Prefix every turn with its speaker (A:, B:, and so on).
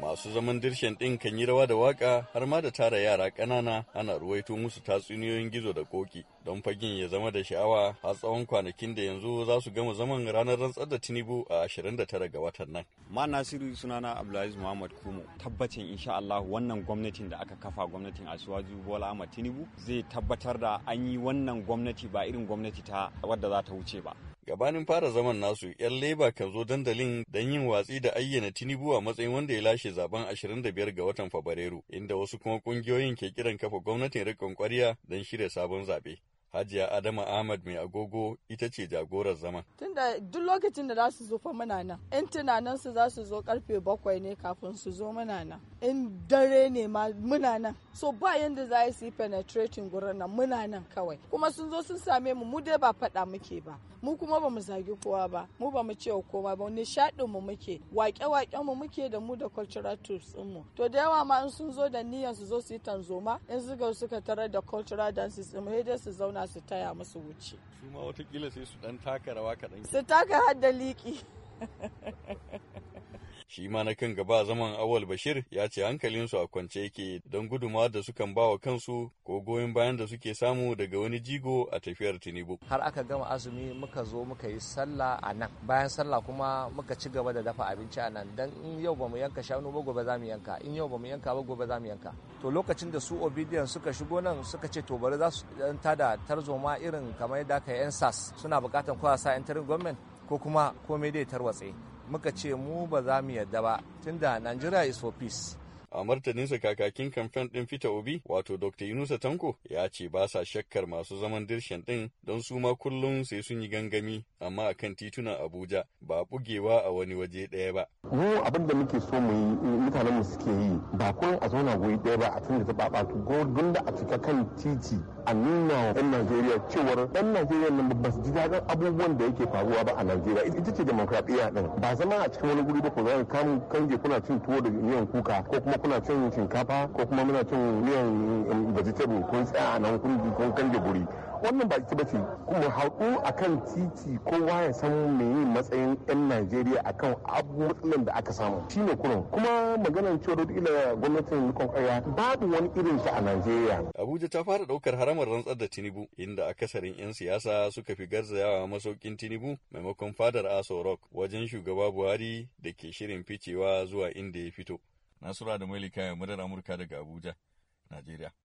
A: masu zaman dirshen ɗin kan yi rawa da waka har ma da tara yara kanana ana ruwaito musu tatsuniyoyin gizo da koki don fagin ya zama da sha'awa har tsawon kwanakin da yanzu za su gama zaman ranar rantsar da tinubu a 29 ga watan nan. ma nasiru sunana abdulaziz muhammad kumo tabbacin insha allah wannan gwamnatin da aka kafa gwamnatin asuwaju bola ahmad tinubu zai tabbatar da an yi wannan gwamnati ba irin gwamnati ta wadda za ta wuce ba Gabanin fara zaman nasu, 'yan leba kan zo dandalin don yin watsi da ayyana Tinubu a matsayin wanda ya lashe zaben 25 ga watan Fabrairu, inda wasu kuma kungiyoyin ke kiran kafa gwamnatin rikon kwarya don shirya sabon zaɓe. Hajiya Adama Ahmad mai agogo ita ce jagorar zaman.
B: Tunda duk lokacin da za su zo fa muna nan, in tunanan su za su zo karfe bakwai ne kafin su zo muna nan. In dare ne ma muna nan. So ba yanda za su yi penetrating gurin nan muna nan kawai. Kuma sun zo sun same mu mu dai ba faɗa muke ba. Mu kuma ba mu zagi kowa ba, mu ba mu ce kowa ba, nishaɗin mu muke, waƙe-waƙen mu muke da mu da cultural tools mu. To da yawa ma in sun zo da niyyar su zo su yi tanzoma, in suka suka tarar da cultural dances mu sai dai su zauna zauna su taya musu wuce
A: su ma watakila sai su dan taka rawa kaɗan su
B: taka har da liƙi
A: Shi ma na kan gaba zaman Awal Bashir ya ce hankalinsu a kwance yake don guduma da sukan bawa kansu ko goyon bayan da suke samu daga wani jigo a tafiyar Tinubu.
C: Har aka gama azumi muka zo muka yi sallah a nan. Bayan sallah kuma muka ci gaba da dafa abinci a nan. don in yau bamu yanka shanu ba gobe za mu yanka. In yau bamu yanka ba gobe za mu yanka. To lokacin da su obedience suka shigo nan suka ce to bari za su tada tarzoma irin kamar yadda aka yi 'yan sas suna bukatan kowa sa 'yan tarin gwamnati
A: ko kuma komai dai tarwatse muka ce mu ba za mu yadda ba tunda Nigeria is for peace. a martaninsa kakakin kamfen ɗin fita obi wato dr yunusa tanko ya ce ba sa shakkar masu zaman dirshen ɗin don su ma kullum sai sun yi gangami amma a kan titunan abuja ba bugewa a wani waje ɗaya ba
D: mu abinda muke so mu yi mutanen suke yi ba kullum a zauna goyi ɗaya ba a da ta ba ba a cika kan titi a nuna wa 'yan Najeriya cewar 'yan Najeriya nan ba su ji daɗin abubuwan da yake faruwa ba a Najeriya ita ce demokradiyya din ba zama a cikin wani guri ba ku zama kamun kange kuna cin tuwo da miyan kuka ko kuma kuna cin shinkafa ko kuma muna cin miyan um, vegetable kun tsaya a nan kun kange guri wannan baki ba ce kuma haɗu kan titi kowa ya san yi matsayin 'yan najeriya akan abubuwan da aka samu shi ne kurin kuma maganar cewa ila gwamnatin rikon kaya babu wani irin ta a najeriya
A: abuja ta fara ɗaukar haramar rantsar da tinubu inda akasarin 'yan siyasa suka fi garzayawa masaukin tinubu maimakon fadar aso rock wajen shugaba buhari da ke shirin ficewa zuwa inda ya fito nasura da mailika murar amurka daga abuja najeriya